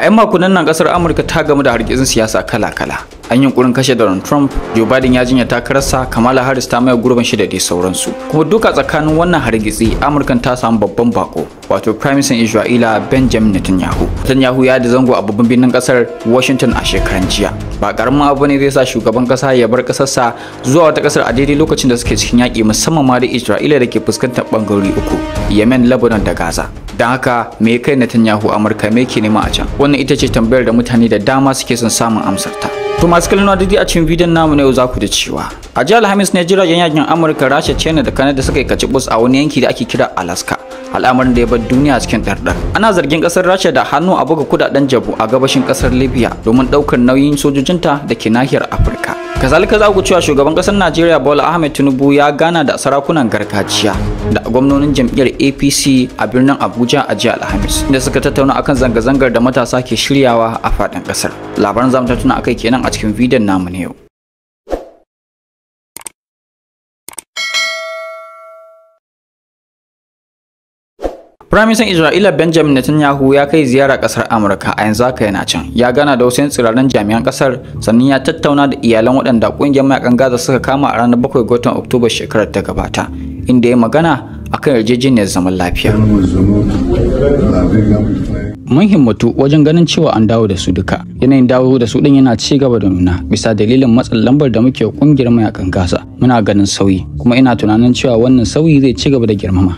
a 'yan makonnin nan kasar amurka ta gamu da hargitsin siyasa kala-kala an yi yunkurin kashe Donald Trump, Joe Biden ya jinya takararsa, Kamala Harris ta maye gurbin shi da dai sauransu. Kuma duka tsakanin wannan hargitsi, Amurkan ta samu babban bako, wato Prime Minister Isra'ila Benjamin Netanyahu. Netanyahu ya da zango a babban birnin kasar Washington a shekaran jiya. Ba karamin abu ne zai sa shugaban kasa ya bar sa zuwa wata kasar a daidai lokacin da suke cikin yaƙi musamman ma da Isra'ila da ke fuskantar bangarori uku, Yemen, Lebanon da Gaza. Don haka me kai Netanyahu Amurka me ke nema a can? Wannan ita ce tambayar da mutane da dama suke son samun amsar ta To masu kallon didi a cikin bidiyon namu na yau za ku da cewa a jihar Alhamis ne jiragen yakin Amurka, Rasha, China da Canada suka yi kaci bus a wani yanki da ake kira Alaska. al'amarin da ya bar duniya cikin ɗarɗar ana zargin ƙasar rasha da hannu a buga kudaden jabu a gabashin ƙasar libya domin ɗaukar nauyin sojojinta da ke nahiyar afirka kazalika za ku cewa shugaban ƙasar najeriya bola ahmed tinubu ya gana da sarakunan gargajiya da gwamnonin jam'iyyar apc a birnin abuja a jiya alhamis inda suka tattauna akan zanga-zangar da matasa ke shiryawa a faɗin ƙasar labaran zamu tattuna akai kenan a cikin bidiyon namu na yau Firaministan Isra'ila Benjamin Netanyahu ya kai ziyara kasar Amurka a yanzu haka yana can. Ya gana da wasu tsirarin jami'an kasar sannan ya tattauna da iyalan waɗanda ƙungiyar mayakan Gaza suka kama a ranar 7 ga watan Oktoba shekarar ta gabata, inda ya magana akan yarjejeniyar zaman lafiya. Mun himmatu wajen ganin cewa an dawo da su duka. Yanayin dawo da su din yana ci gaba da nuna bisa dalilin matsin lambar da muke kungiyar mayakan Gaza. Muna ganin sauyi kuma ina tunanin cewa wannan sauyi zai ci gaba da girmama.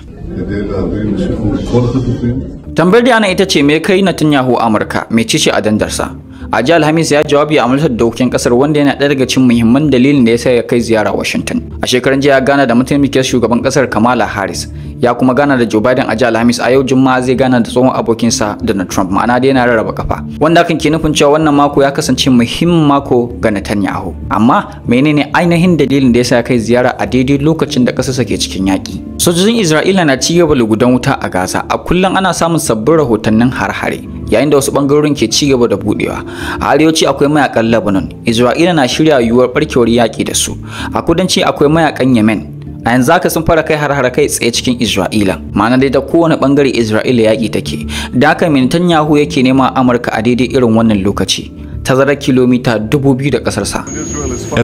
Tambayar da ana ita ce me kai na Netanyahu Amurka me ce a dandarsa. A alhamis ya jawabi a amsar dokokin kasar wanda yana ɗaya daga cikin muhimman dalilin da ya sa ya kai ziyara Washington. A shekaran jiya ya gana da mataimakin shugaban kasar Kamala Harris ya kuma gana da Joe Biden a jihar Alhamis a yau Juma'a zai gana da tsohon abokinsa Donald Trump ma'ana dai yana rarraba kafa wanda hakan ke nufin cewa wannan mako ya kasance muhimmin mako ga Netanyahu amma menene ainihin dalilin da yasa ya kai ziyara a daidai lokacin da ƙasarsa ke cikin yaki sojojin Isra'ila na ci gaba da gudan wuta a Gaza a kullum ana samun sabbin rahotannin har-hare yayin da wasu bangarorin ke cigaba da budewa a arewaci akwai mayakan Lebanon Isra'ila na shirya yiwuwar barkewar yaki da su a kudanci akwai mayakan Yemen a yanzu haka sun fara kai har kai tsaye cikin Isra'ila ma'ana dai da kowane bangare Isra'ila yaƙi take da haka yahu yake nema Amurka a daidai irin wannan lokaci tazarar kilomita dubu biyu da ƙasarsa.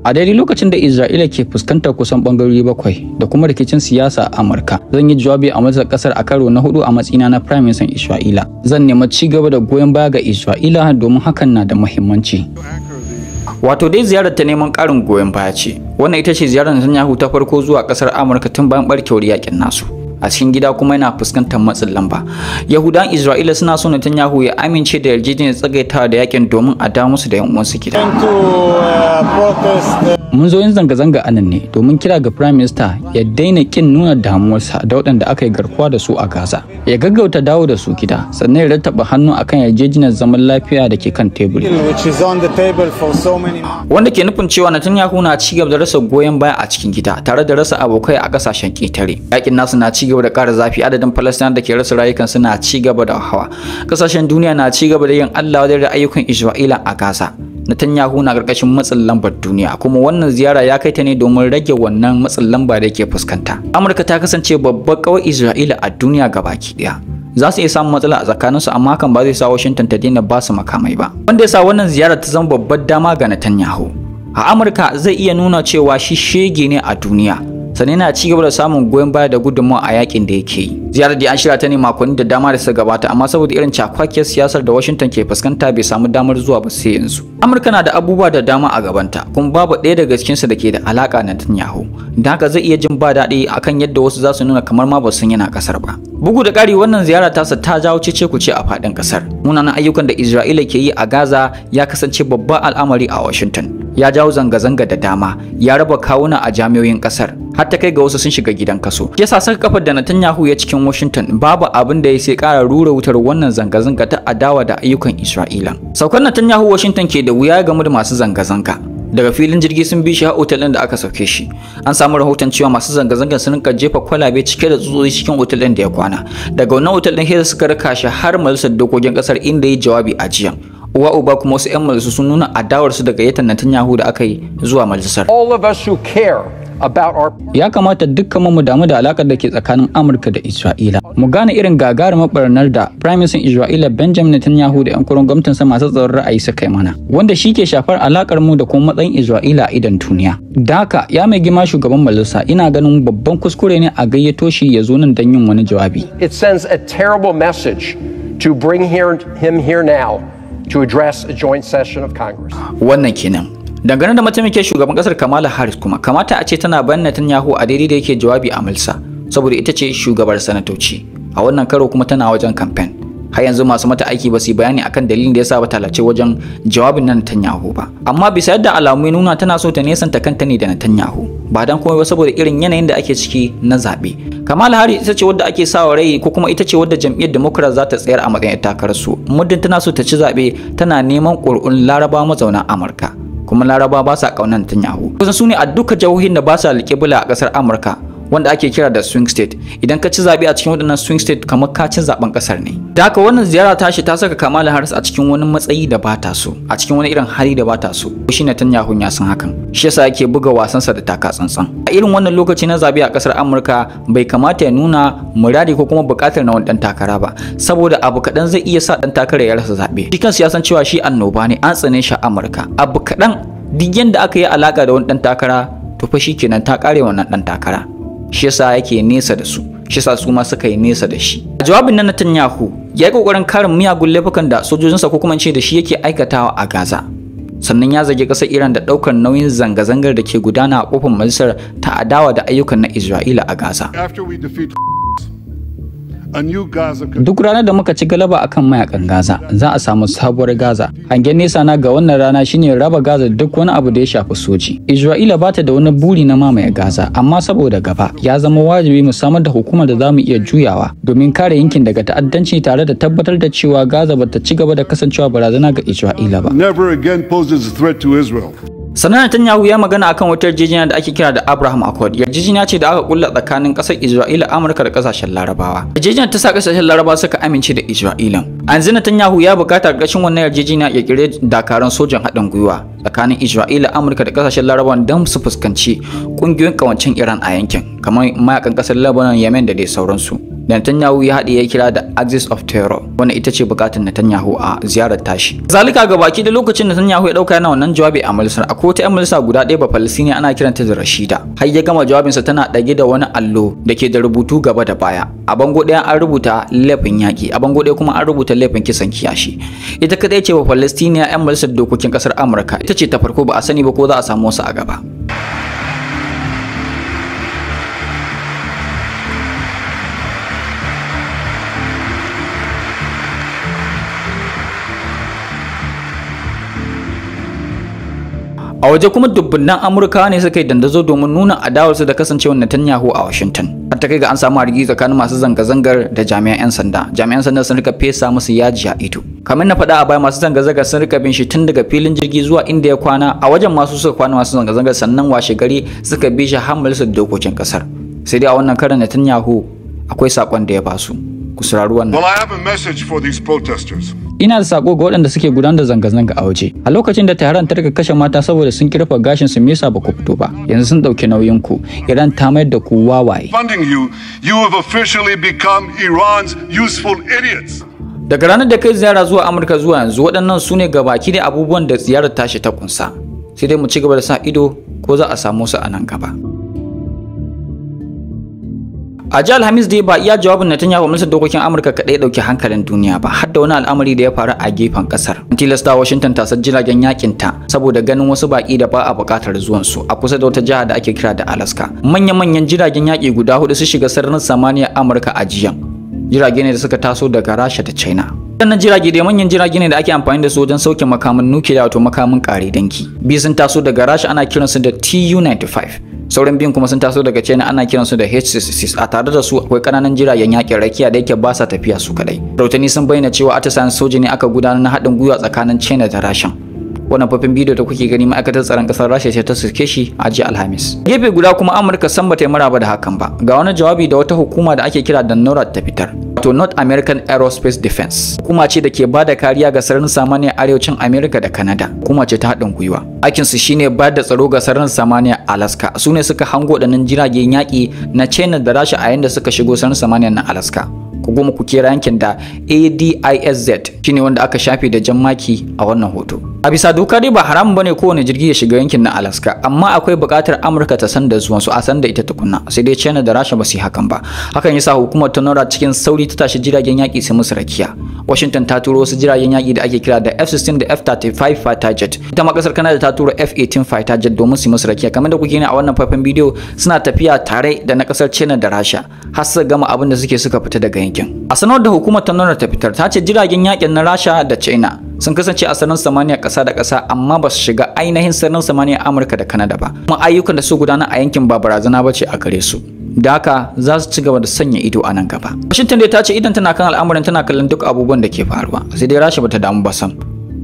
A daidai lokacin da Isra'ila ke fuskantar kusan bangarori bakwai da kuma rikicin siyasa a Amurka, zan yi jawabi a majalisar kasar a karo na hudu a matsayina na Prime Minister Isra'ila. Zan nemi ci gaba da goyon baya ga Isra'ila domin hakan na da muhimmanci. wato dai ziyarar ta neman ƙarin goyon baya ce wannan ita ce ziyarar Netanyahu ta farko zuwa ƙasar Amurka tun bayan barkewar yakin nasu a cikin gida kuma yana fuskantar matsin lamba yahudan isra'ila suna so netanyahu ya amince da yarjejeniyar tsagaita da yakin domin a da musu da yan uwansu gida uh, uh, mun zo yin zanga-zanga anan ne domin kira ga prime minister ya daina kin nuna damuwarsa da waɗanda aka yi garkuwa da su a gaza ya gaggauta dawo da su gida sannan ya rattaba hannu akan yarjejeniyar zaman lafiya da ke kan teburi wanda ke nufin cewa netanyahu na ci gaba da rasa goyon baya a cikin gida tare da rasa abokai a kasashen ƙetare yakin nasu na ci cigaba da ƙara zafi adadin Falasɗinawa da ke rasa su na ci da hawa. Ƙasashen duniya na cigaba da yin Allah wajen da ayyukan Isra'ila a Gaza. Netanyahu na ƙarƙashin matsin lambar duniya kuma wannan ziyara ya kai ta ne domin rage wannan matsin lamba da yake fuskanta. Amurka ta kasance babbar kawai Isra'ila a duniya gabaki ɗaya. Za su iya samun matsala a tsakaninsu amma hakan ba zai sa Washington ta daina ba su makamai ba. Wanda ya sa wannan ziyara ta zama babbar dama ga Netanyahu. A Amurka zai iya nuna cewa shi shege ne a duniya sannan yana ci gaba da samun goyon baya da gudunmawa a yakin da yake yi ziyarar da an shirya ta ne makonni da dama da suka gabata amma saboda irin cakwakiyar siyasar da Washington ke fuskanta bai samu damar zuwa ba sai yanzu Amurka na da abubuwa da dama a gabanta kuma babu ɗaya daga cikin su ke da alaka na Netanyahu Dan haka zai iya jin ba daɗi akan yadda wasu za su nuna kamar ma ba sun yana kasar ba bugu da ƙari wannan ziyara ta sa ta jawo cece ce a faɗin kasar munanan ayyukan da Isra'ila ke yi a Gaza ya kasance babban al'amari a Washington ya jawo zanga-zanga da dama ya raba kawuna a jami'oyin ƙasar, har ta kai ga wasu sun shiga gidan kaso yasa saka kafar da Netanyahu ya cikin cikin Washington babu abin da ya sai ƙara rura wutar wannan zanga-zanga ta adawa da ayyukan Isra'ila. Saukar Netanyahu Washington ke da wuya game da masu zanga-zanga. Daga filin jirgi sun bi shi a otal din da aka sauke shi. An samu rahoton cewa masu zanga zanga sun rinka jefa kwalabe cike da tsutsotsi cikin otalin din da ya kwana. Daga wannan otal din suka raka shi har majalisar dokokin ƙasar inda ya jawabi a jiya. uwa uba kuma wasu 'yan majalisu sun nuna adawarsu daga yatan Netanyahu da aka yi zuwa majalisar. All of us who care about ya kamata dukkan mu damu da alakar da ke tsakanin Amurka da Isra'ila mu gane irin gagarumar barnar da Prime Minister Isra'ila Benjamin Netanyahu da 'yan gwamnatin sa masu tsaron ra'ayi suka yi mana wanda shi ke shafar alakar mu da kuma matsayin Isra'ila a idan duniya daka ya mai gima shugaban majalisa ina ganin babban kuskure ne a gayyato shi ya zo nan don yin wani jawabi it sends a terrible message to bring him here now to address a joint session of Congress. Wannan kenan. dangane da mataimakin shugaban kasar kamala harris kuma kamata a ce tana bayan netanyahu a daidai da yake jawabi a mulsa saboda ita ce shugabar sanatoci a wannan karo kuma tana wajen kamfen har yanzu masu mata aiki ba su bayani akan dalilin da ya sa ba lace wajen jawabin na netanyahu ba amma bisa yadda alamu ya nuna tana so ta nesanta kanta ne da netanyahu ba dan komai ba saboda irin yanayin da ake ciki na zabe kamala harris ita ce wadda ake sawa rai ko kuma ita ce wadda jam'iyyar democrat za ta tsayar a matsayin takarar su, muddin tana so ta ci zaɓe tana neman ƙuri'un laraba mazauna amurka kuma laraba ba sa ƙaunar Netanyahu kusan su ne a duka jihohin da ba sa bula a ƙasar Amurka wanda ake kira da swing state idan ka ci zabe a cikin waɗannan swing state kamar ka ci zaben kasar ne da haka wannan ziyara tashi ta saka Kamala Harris a cikin wani matsayi da bata so a cikin wani irin hali da bata so shi Netanyahu ya san hakan shi yasa yake buga wasansa da taka tsantsan a irin wannan lokaci na zabe a kasar Amurka bai kamata ya nuna muradi ko kuma buƙatar na wani dan takara ba saboda abu kaɗan zai iya sa dan takara ya rasa zabe shi kansa ya cewa shi annoba ne an tsane shi a Amurka abu kaɗan duk yanda aka yi alaka da wani dan takara to fa shikenan ta kare wannan dan takara shi yasa yake nesa da su shi yasa su ma suka yi nesa da shi a jawabin na Netanyahu ya yi kokarin karin miyagun laifukan da sojojinsa ko kuma ce da shi yake aikatawa a Gaza sannan ya zage ƙasar Iran da ɗaukar nauyin zanga-zangar da ke gudana a kofar majalisar ta adawa da ayyukan na Isra'ila a Gaza. Duk ranar da muka ci galaba a kan mayakan Gaza, za a samu sabuwar Gaza. Hangen nesa na ga wannan rana shine raba Gaza duk wani abu da ya shafi soji. Isra'ila ba ta da wani buri na mamaye Gaza, amma saboda gaba ya zama wajibi mu samar da hukumar da zamu iya juyawa domin kare yankin daga ta'addanci tare da tabbatar da cewa Gaza ba ta ci gaba da kasancewa barazana ga Isra'ila ba. Never again poses a to Israel. sannan Netanyahu ya magana akan wata yarjejeniya da ake kira da Abraham Accord yarjejeniya ce da aka kulla tsakanin ƙasar Isra'ila Amurka da ƙasashen Larabawa yarjejeniyar ta sa ƙasashen Larabawa suka amince da Isra'ila yanzu Netanyahu ya bukata ƙarshen wannan yarjejeniya ya kire dakarun sojan haɗin gwiwa tsakanin Isra'ila, Amurka da kasashen Larabawan don su fuskanci kungiyoyin kawancin Iran a yankin, kamar mayakan kasar Lebanon, Yemen da dai sauransu. Netanyahu ya haɗe ya kira da Axis of Terror, wanda ita ce buƙatar Netanyahu a ziyarar tashi. Zalika ga baki da lokacin Netanyahu ya ɗauka yana wannan jawabi a Malisar, akwai wata 'yan Malisar guda ɗaya ba Falistiniya ana kiranta da Rashida. Har ya gama jawabinsa tana ɗage da wani allo da ke da rubutu gaba da baya. A bango ɗaya an rubuta laifin yaƙi, a bango ɗaya kuma an rubuta laifin kisan kiyashi. Ita kaɗai ce ba Falistiniya 'yan Malisar dokokin ƙasar Amurka, ita ce ta farko ba a sani ba ko za a samu wasu a gaba A waje kuma Dubbunan Amurka ne suka yi dandazo domin nuna adawarsu da kasancewar Netanyahu a Washington. Har ta kai ga an samu hargitsi tsakanin masu zanga-zangar da jami'an 'yan sanda. Jami'an sanda sun rika fesa musu yaji a ido. Kamar na faɗa a baya masu zanga-zangar sun rika bin shi tun daga filin jirgi zuwa inda ya kwana. A wajen masu suka kwana masu zanga-zangar sannan washe gari suka bi shi har dokokin kasar. Sai dai a wannan karan Netanyahu akwai sakon da ya basu. Ku saurari wannan. Well, I have a message Ina da sako ga waɗanda suke gudanar da zanga-zanga a waje. A lokacin da taron ta rika kashe mata saboda sun kirfa gashin su mesa ba ku fito ba. Yanzu sun ɗauki nauyin ku. Iran ta mayar da ku wawaye. Funding you, you Iran's useful idiots. Daga ranar da kai ziyara zuwa Amurka zuwa yanzu waɗannan su ne gabaki da abubuwan da ziyarar tashi ta kunsa. Sai dai mu ci gaba da sa ido ko za a samu su a nan gaba. A jihar Hamis dai ba iya jawabin Netanyahu ministan dokokin Amurka kaɗai ya ɗauki hankalin duniya ba, har da wani al'amari da ya faru a gefen kasar ƙasar. Tilasta Washington ta tasar jiragen yakin ta saboda ganin wasu baki da ba a buƙatar zuwan su a kusa da wata jiha da ake kira da Alaska. Manya-manyan jiragen yaƙi guda hudu su shiga sararin samaniya Amurka a jiyan. Jirage ne da suka taso daga Rasha da China. Sannan jirage da manyan jirage ne da ake amfani da su wajen sauke makamin nukiliya wato makamin kare danki. Biyu sun taso daga Rasha ana kiransu da Tu-95. sauran biyun kuma sun taso daga china ana kiransu da HCCs a tare da su akwai kananan jiragen yakin rakiya da yake ba sa tafiya su kadai rautani sun bayyana cewa Atasan soji ne aka gudanar na haɗin gwiwa tsakanin china da rashin wannan faifin bidiyo da kuke gani ma'aikatar tsaron kasar rasha ce ta suke shi a jiya alhamis gefe guda kuma amurka san bata yi maraba da hakan ba ga wani jawabi da wata hukuma da ake kira da norad ta fitar wato north american aerospace defense kuma ce da ke ba da kariya ga sararin samaniya arewacin amerika da canada kuma ce ta haɗin gwiwa aikinsu shine ba da tsaro ga sararin samaniya alaska su ne suka hango ɗanin jiragen yaƙi na china da rasha a yayin suka shigo sararin samaniya na alaska ku goma ku kera yankin da ADISZ shine wanda aka shafe da jammaki a wannan hoto. A bisa doka dai ba haram bane kowane jirgi ya shiga yankin na Alaska amma akwai buƙatar Amurka ta san da zuwan su a san da ita tukunna sai dai China da Russia ba su yi hakan ba. Hakan yasa hukumar ta nora cikin sauri ta tashi jiragen yaƙi su musu rakiya. Washington ta turo wasu jiragen yaƙi da ake kira da F-16 da F-35 fighter jet. Ita ma ƙasar Canada ta turo F-18 fighter jet domin su musu rakiya kamar da kuke gani a wannan faifan bidiyo suna tafiya tare da na ƙasar China da Russia har su gama abin da suke suka fita daga yankin. yakin a sanar da hukumar ta nuna ta fitar ta ce jiragen yakin na rasha da china sun kasance a sararin samaniya kasa da kasa amma ba su shiga ainihin sararin samaniya amurka da kanada ba kuma ayyukan da su gudana a yankin ba barazana ba ce a gare su da haka za su ci gaba da sanya ido a nan gaba washington dai ta ce idan tana kan al'amuran tana kallon duk abubuwan da ke faruwa sai dai rasha bata damu ba sam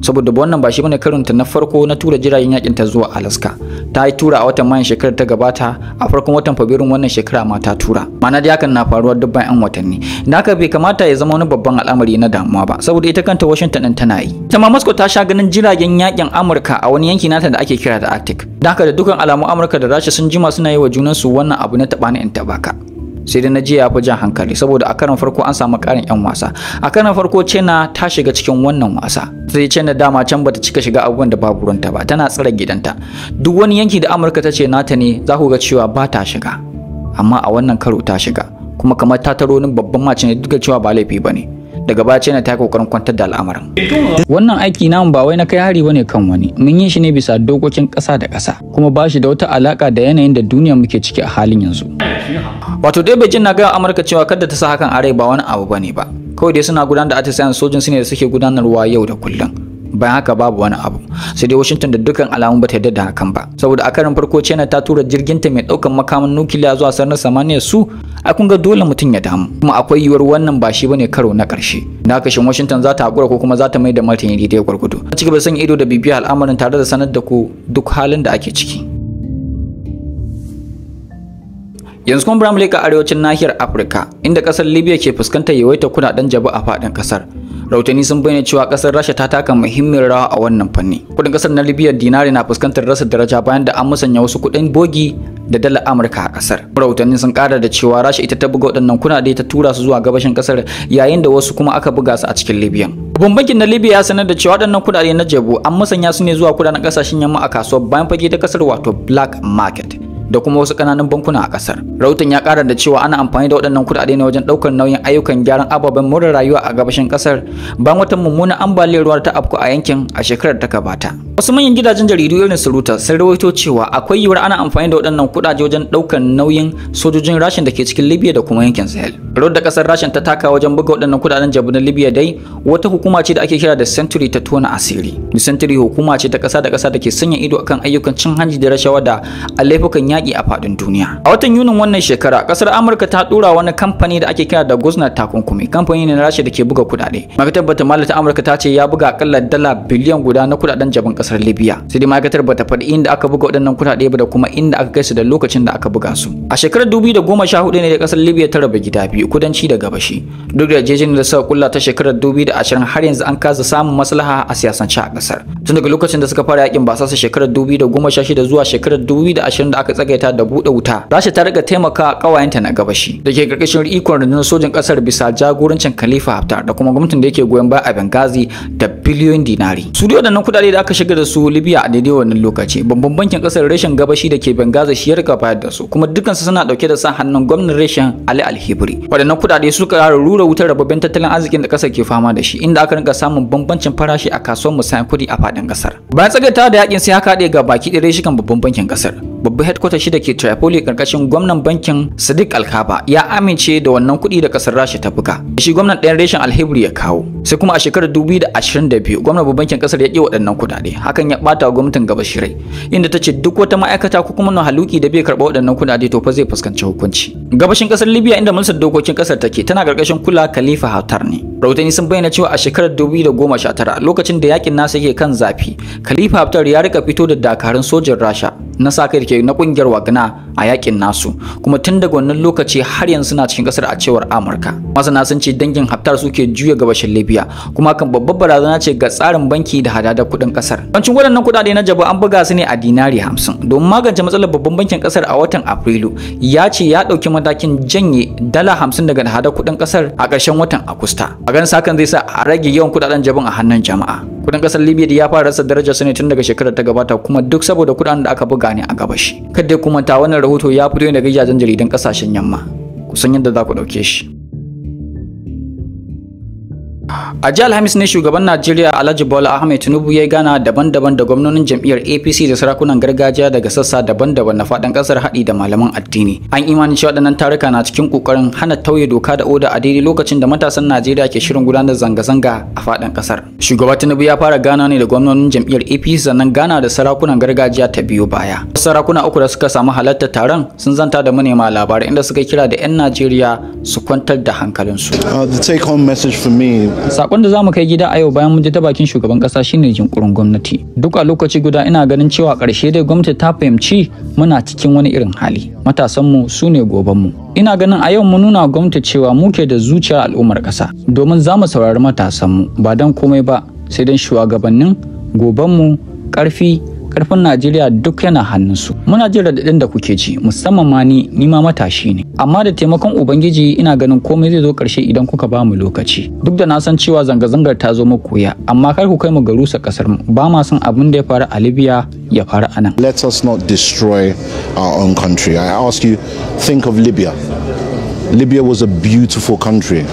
saboda wannan ba shi bane karinta na farko na tura jiragen yakin ta zuwa Alaska ta yi tura a watan mayan shekarar ta gabata a farkon watan fabrairu wannan shekara ma ta tura ma'ana dai hakan na faruwa duk bayan watanni da haka bai kamata ya zama wani babban al'amari na damuwa ba saboda ita kanta Washington din tana yi ita ma Moscow ta sha ganin jiragen yakin Amurka a wani yanki nata da ake kira da Arctic da haka da dukkan alamu Amurka da Rasha sun jima suna yi wa junansu wannan abu na taba na in tabaka sai da na je ya fi jan hankali saboda a karan farko an samu karin yan wasa a karan farko cena ta shiga cikin wannan wasa sai cena dama can bata cika shiga abubuwan da babu ruwanta ba tana tsare gidanta duk wani yanki da amurka ta ce nata ne za ku ga cewa ba ta shiga amma a wannan karo ta shiga kuma kamar ta taro wani babban mace ne duk da cewa ba laifi ba ne daga baya china ta kokarin kwantar da al'amarin wannan aiki namu ba wai na kai hari bane kan wani mun yi shi ne bisa dokokin ƙasa da ƙasa kuma ba shi da wata alaka da yanayin da duniya muke ciki a halin yanzu wato dai bai na gaya amurka cewa kada ta sa hakan a rai ba wani abu bane ba kawai dai suna gudanar da atisayen sojin su ne da suke gudanarwa yau da kullum bayan haka babu wani abu sai dai washington da dukkan alamu ba ta yarda da hakan ba saboda a karin farko china ta tura jirgin ta mai daukan makaman nukiliya zuwa sararin samaniya su a kun ga dole mutum ya damu kuma akwai yiwuwar wannan ba shi bane karo na karshe na kashin washington za ta hakura ko kuma za ta mai da yi daidai gwargwado a cikin basan ido da bibiya al'amarin tare da sanar da ku duk halin da ake ciki yanzu kuma Bramley leka arewacin nahiyar afirka inda kasar libya ke fuskantar yawaitar kudaden jabu a faɗin kasar rautani sun bayyana cewa kasar rasha ta taka muhimmin rawa a wannan fanni kudin kasar na libya dinari na fuskantar rasa daraja bayan da an musanya wasu kudin bogi da dala amurka a kasar rautani sun kara da cewa rasha ita ta buga waɗannan da ta tura su zuwa gabashin kasar yayin da wasu kuma aka buga su a cikin libya babban bankin na libya ya sanar da cewa waɗannan kudade na jebu an musanya su ne zuwa kudaden kasashen yamma a kasuwar bayan fage ta kasar wato black market da kuma wasu kananan bankuna a kasar. Rautan ya kara da cewa ana amfani da waɗannan kuɗaɗe ne wajen ɗaukar nauyin ayyukan gyaran ababen more rayuwa a gabashin kasar bayan wata mummunan ambaliyar ruwa ta afku a yankin a shekarar ta gabata. Wasu manyan gidajen jaridu irin su Reuters sun rawaito cewa akwai yiwuwar ana amfani da waɗannan kuɗaje wajen ɗaukar nauyin sojojin Rashin da ke cikin Libya da kuma yankin Sahel. Rawar da ƙasar Rashin ta taka wajen buga waɗannan kuɗaɗen jabunan Libya dai wata hukuma ce da ake kira da Century ta tona asiri. Ni Century hukuma ce ta ƙasa da ƙasa da ke sanya ido akan ayyukan cin hanji da rashawa da alaifukan yaƙi a faɗin duniya. A watan Yunin wannan shekara, ƙasar Amurka ta ɗora wani kamfani da ake kira da Gosna takunkumi, kamfani ne na rashin da ke buga kuɗaɗe. Makatabbar Tamala ta Amurka ta ce ya buga akalla dala biliyan guda na kuɗaɗen jabin kasar Libya. Sai dai ma'aikatar ta faɗi inda aka buga waɗannan kuɗaɗe ba da kuma inda aka kai su da lokacin da aka buga su. A shekarar 2014 ne da kasar Libya ta raba gida biyu, kudanci da gabashi. Duk da jejin da suka kulla ta shekarar 2020 har yanzu an kasa samun maslaha a siyasance a kasar. Tun daga lokacin da suka fara yakin sa shekarar 2016 zuwa shekarar 2020 da aka tsagaita da buɗe wuta. Rasha ta riga taimaka kawayenta na gabashi da ke ƙarƙashin ikon rundunar sojin kasar bisa jagorancin Khalifa Haftar da kuma gwamnatin da yake goyon baya a Benghazi da biliyoyin dinari. Su da waɗannan da aka shiga da su Libya a daidai wannan lokaci babban bankin kasar reshen gabashi da ke Benghazi shi ya rika bayar da su kuma dukansu suna dauke da sa hannun gwamnan reshen Ali Alhibri waɗannan kuɗaɗe su ƙara rura wutar rababben tattalin arzikin da kasar ke fama da shi inda aka rinka samun bambancin farashi a kasuwar musayan kuɗi a faɗin kasar bayan tsagaitawa da yakin sai haka haɗe ga baki ɗaya reshikan babban bankin kasar babban headquarter shi da ke Tripoli karkashin gwamnan bankin Sadiq Alkaba ya amince da wannan kuɗi da kasar Rasha ta buga shi gwamnan ɗayan reshen Alhibri ya kawo sai kuma a shekarar 2022 gwamnan babban bankin kasar ya ƙi waɗannan kuɗaɗe hakan ya bata gwamnatin gaba shirai inda ta ce duk wata ma'aikata ko kuma haluki da bai karba waɗannan kuɗaɗe to fa zai fuskanci hukunci gabashin ƙasar libya inda mulsar dokokin ƙasar take tana ƙarƙashin kula khalifa haftar ne rahotanni sun bayyana cewa a shekarar 2019 lokacin da yakin nasa yake kan zafi khalifa haftar ya rika fito da dakarun sojin rasha na sa kai ke na kungiyar wagana a yakin nasu kuma tun daga wannan lokaci har yanzu suna cikin kasar a cewar amurka masana sun ce dangin haftar suke juya gabashin libya kuma kan babbar barazana ce ga tsarin banki da hadadar kudin kasar Bancin waɗannan kuɗaɗe na jaba an buga su ne a dinari hamsin, domin magance matsalar babban bankin ƙasar a watan Afrilu ya ce ya ɗauki matakin janye dala 50 daga hada kuɗin ƙasar a ƙarshen watan Agusta. A ganin sakan zai sa a rage yawan kuɗaɗen jaban a hannun jama'a. Kuɗin ƙasar Libya da ya fara rasa daraja su ne tun daga shekarar ta gabata kuma duk saboda kuɗaɗen da aka buga ne a gabashi. Kada kuma ta wannan rahoto ya fito ne daga gidajen jaridan ƙasashen yamma. Kusan yadda za ku ɗauke shi. A jihar Hamis ne shugaban Najeriya Alhaji Bola Ahmed Tinubu ya gana daban-daban da gwamnonin jam'iyyar APC da sarakunan gargajiya daga sassa daban-daban na faɗin kasar haɗi da malaman addini. An imanin cewa waɗannan taruka na cikin kokarin hana tauye doka da oda a daidai lokacin da matasan Najeriya ke shirin gudanar zanga-zanga a faɗin kasar. Shugaba Tinubu ya fara gana ne da gwamnonin jam'iyyar APC sannan gana da sarakunan gargajiya ta biyo baya. Sarakuna uku da suka samu halartar taron sun zanta da manema labarai inda suka kira da 'yan Najeriya su kwantar da hankalinsu. su. Uh, the take home message for me sakon da zamu kai gida a yau bayan mun ji ta bakin shugaban kasa shine jinkurin gwamnati duk a lokaci guda ina ganin cewa karshe dai gwamnati ta fahimci muna cikin wani irin hali matasan mu sune goban mu ina ganin a yau mu nuna gwamnati cewa mu ke da zuciyar al'ummar kasa domin zamu saurari matasan mu ba dan komai ba sai dan shugabannin goban mu karfi karfin Najeriya duk yana hannunsu. Muna jin raɗaɗin da kuke ji musamman ma ni, ni ma matashi ne. Amma da taimakon Ubangiji ina ganin komai zai zo karshe idan kuka ba mu lokaci. Duk da na san cewa zanga-zangar ta zo muku ya, amma kar ku kai mu ga rusa ƙasar mu. Ba ma son abin da ya faru a Libya ya faru a nan. Let us not destroy our own country. I ask you, think of Libya. Libya was a beautiful country.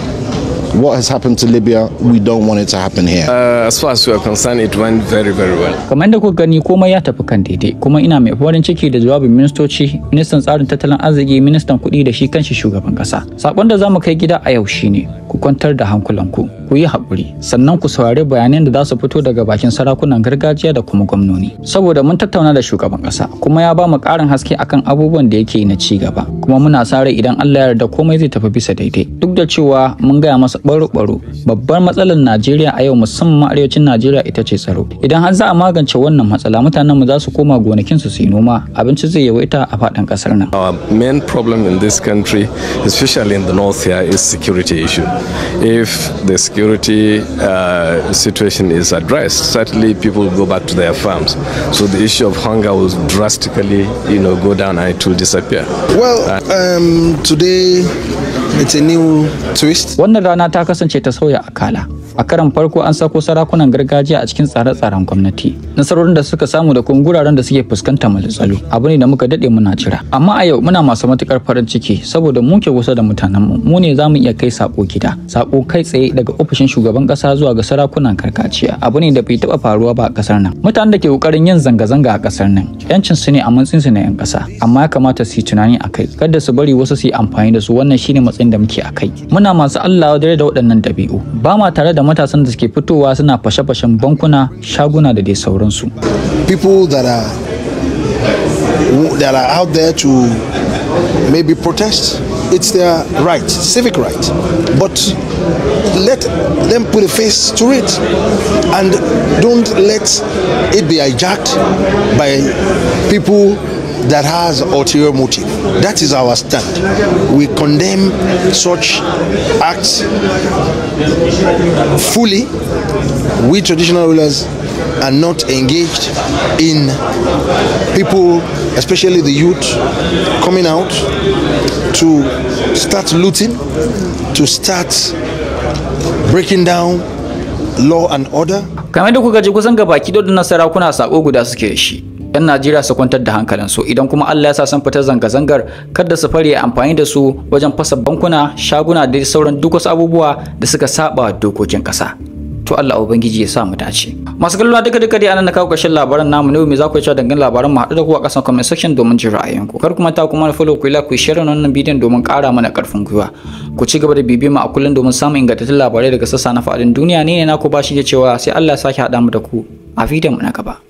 What has happened to Libya, we don't want it to happen here. Uh, as far as we are concerned, it went very, very well. Kamar da kuka gani komai ya tafi kan daidai, kuma ina mai farin ciki da jawabin ministoci, ministan tsarin tattalin arziki, ministan kuɗi da shi kanshi shugaban ƙasa. Sakon da za mu kai gida a yau shine. ku kwantar da hankulanku ku yi haƙuri sannan ku saurari bayanan da za su fito daga bakin sarakunan gargajiya da kuma gwamnoni saboda mun tattauna da shugaban ƙasa kuma ya ba mu ƙarin haske akan abubuwan da yake na ci gaba kuma muna sa rai idan Allah ya yarda komai zai tafi bisa daidai duk da cewa mun gaya masa baro-baro babbar matsalar Najeriya a yau musamman arewacin Najeriya ita ce tsaro idan har za a magance wannan matsala mutanen mu za su koma gonakin su su yi noma abinci zai yawaita a faɗin ƙasar nan our main problem in this country especially in the north here is security issue if the security uh, situation is addressed, certainly people will go back to their farms. So the issue of hunger will drastically, you know, go down and it will disappear. Well, um, today it's a new twist. Wannan rana ta kasance ta sauya akala. a karan farko an sako sarakunan gargajiya a cikin tsare-tsaren gwamnati nasarorin da suka samu da kuma guraren da suke fuskanta tsalo. abu ne da muka dade muna jira amma a yau muna masu matukar farin ciki saboda mu ke kusa da mutanen mu mu ne zamu iya kai sako gida sako kai tsaye daga ofishin shugaban kasa zuwa ga sarakunan gargajiya abu ne da bai taba faruwa ba a kasar nan mutanen da ke kokarin yin zanga-zanga a kasar nan yancin su ne a matsayin su na yan kasa amma ya kamata su yi tunani akai kada su bari wasu su yi amfani da su wannan shine matsayin da muke akai muna masu Allah dare da waɗannan dabi'u ba ma tare da da matasan da suke fitowa suna fashe-fashen bankuna shaguna da dai sauransu people that are that are out there to maybe protest it's their right civic right but let them put a face to it and don't let it be hijacked by people that has ulterior motive. That is our stand. We condemn such acts fully. We traditional rulers are not engaged in people, especially the youth, coming out to start looting, to start breaking down law and order. Kamar da kuka ji kusan gabaki dodon na sarakuna sako guda suke shi. 'yan Najeriya su kwantar da hankalinsu idan kuma Allah ya sa sun fita zanga-zangar kada su fare amfani da su wajen fasa bankuna shaguna da sauran duk wasu abubuwa da suka saba dokokin kasa to Allah ubangiji ya sa mu dace masu kallon duka duka dai anan na kawo ƙarshen labaran namu ne me za ku yi cewa dangane labaran mu haɗu da ku a ƙasan comment section domin jin ra'ayinku kar kuma ta kuma na follow ku like ku share wannan bidiyon domin ƙara mana ƙarfin gwiwa ku ci gaba da bibiyar mu a kullum domin samun ingantattun labarai daga sassa na faɗin duniya ne ne na ku bashi cewa sai Allah ya sake haɗa mu da ku a bidiyon mu na gaba